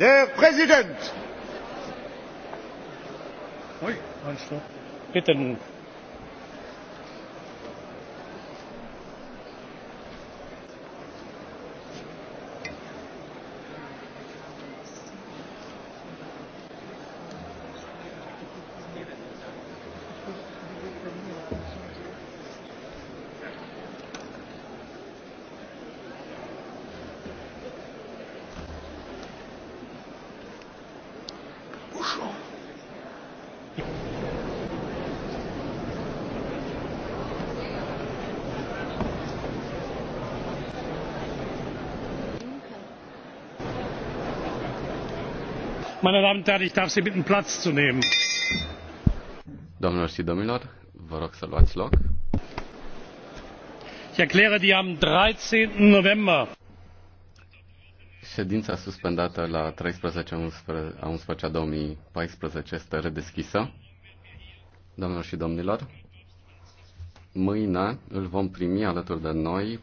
Der Präsident! Ui, Bitte. meine damen und herren ich darf sie bitten platz zu nehmen. ich erkläre die am. dreizehn november ședința suspendată la 13 a 11 a 2014 este redeschisă. Doamnelor și domnilor, mâine îl vom primi alături de noi